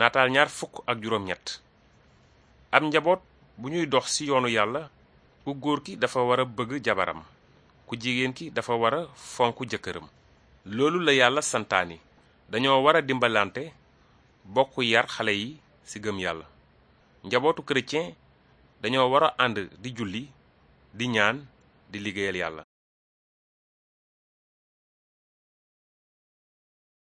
naataal ñaar ak juróom-ñett ab njaboot bu ñuy dox ci yoonu yàlla ku góor ki dafa war a bëgg jabaram ku jigéen ki dafa war a fonk jëkkëram loolu la yàlla santaani dañoo war a dimbalante bokk yar xale yi ci gëm yàlla njabootu chrétien dañoo war a ànd di julli di ñaan di liggéeyal yàlla